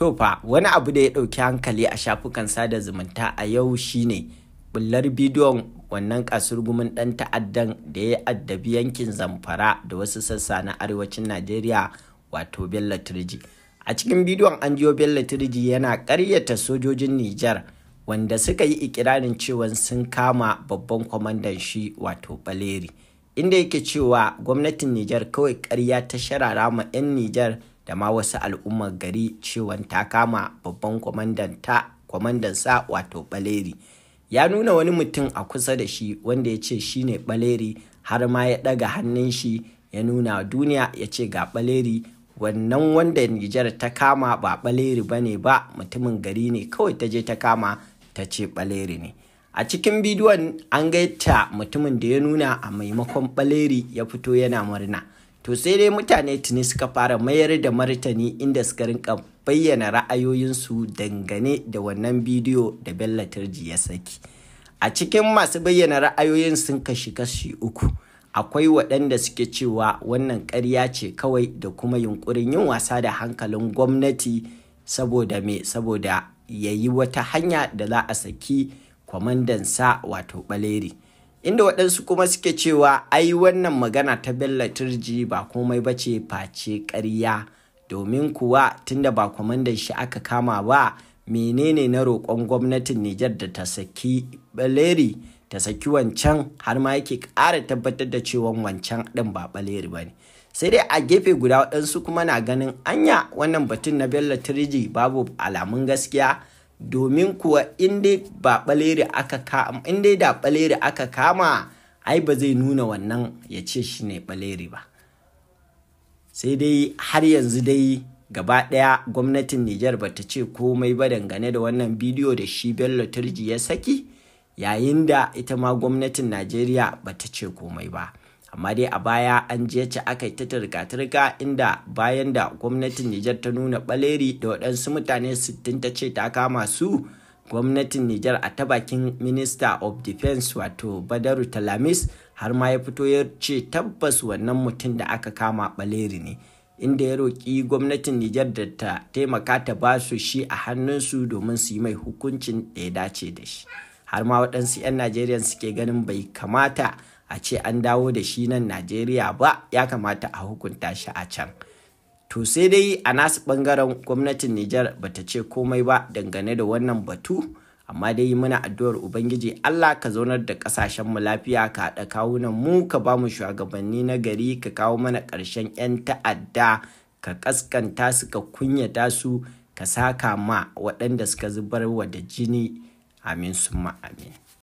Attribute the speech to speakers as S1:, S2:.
S1: To fa wani abu da ya ɗauki hankali a shafukan sada zumunta a yau shine bullar bidiyon wannan kasurgumin ɗan ta'addan da ya addabi yankin Zamfara da wasu sassa na arewacin Najeriya wato Bello Tirji. A cikin bidiyon an jiyo Bello Tirji yana karyata sojojin Nijar wanda suka yi ikirarin cewa sun kama babban kwamandan shi wato Baleri. Inda yake cewa gwamnatin Nijar kawai karya ta sharara ma 'yan Nijar da ma wasu al'ummar gari cewan ta kama babban kwamandan sa wato baleri ya nuna wani mutum a kusa da shi wanda ya ce shi ne baleri har ma ya ɗaga hannun shi ya nuna duniya ya ce ga baleri wannan wanda Nijar ta kama ba baleri ba ne ba mutumin gari ne kawai ta je ta kama ta ce baleri ne a cikin bidiyon an gaita mutumin da ya nuna a maimakon baleri ya fito yana murna. to sai dai mutane tuni suka fara mayar da martani inda suka rinka bayyana ra'ayoyinsu dangane da wannan bidiyo da Bello Turji ya saki a cikin masu bayyana ra'ayoyin sun kashi kashi uku akwai waɗanda suke cewa wannan ƙarya ce kawai da kuma yunkurin yin wasa da hankalin gwamnati saboda me saboda ya yi wata hanya da za a saki kwamandansa wato ɓaleri. inda waɗansu kuma suke cewa ai wannan magana ta Bello Turji ba komai ba ce face ƙarya domin kuwa tunda ba kwamandan shi aka kama ba menene na roƙon gwamnatin Nijar da ta saki Baleri ta saki wancan har ma yake ƙara tabbatar da cewa wancan ɗin ba Baleri ba ne. sai dai a gefe guda waɗansu kuma na ganin anya wannan batun na Bello Turji babu alamun gaskiya domin kuwa in dai ba aka kama in da ɓaleri aka kama ai ba zai nuna wannan ya ce shi ne ɓaleri ba sai dai har yanzu dai gaba ɗaya gwamnatin Nijar ba ta ce komai ba dangane da wannan bidiyo da shi Bello Turji ya saki yayin da ita ma gwamnatin Najeriya ba ta ce komai ba. amma dai a baya an je ci aka yi ta turka inda bayan da gwamnatin Nijar ta nuna baleri da waɗansu mutane 60 ta ce ta kama su gwamnatin Nijar a ta bakin Minister of Defense wato Badaru Talamis har ma ya fito ya ce tabbas wannan mutum da aka kama baleri ne inda ya roƙi gwamnatin Nijar da ta taimaka ta ba su shi a hannunsu domin su yi mai hukuncin da ya dace da shi har ma waɗansu 'yan Najeriya suke ganin bai kamata a ce an dawo da shi nan najeriya ba ya kamata a hukunta shi a can to sai dai a nasu ɓangaren gwamnatin nijar ta ce komai ba dangane da wannan batu amma dai muna addu'ar ubangiji allah ka zaunar da ƙasashenmu mu lafiya ka haɗa kawunan mu ka ba mu shugabanni na gari ka kawo mana ƙarshen 'yan ta'adda ka ƙasƙanta su ka kunyata su ka saka ma waɗanda suka zubar wa da jini amin summa amin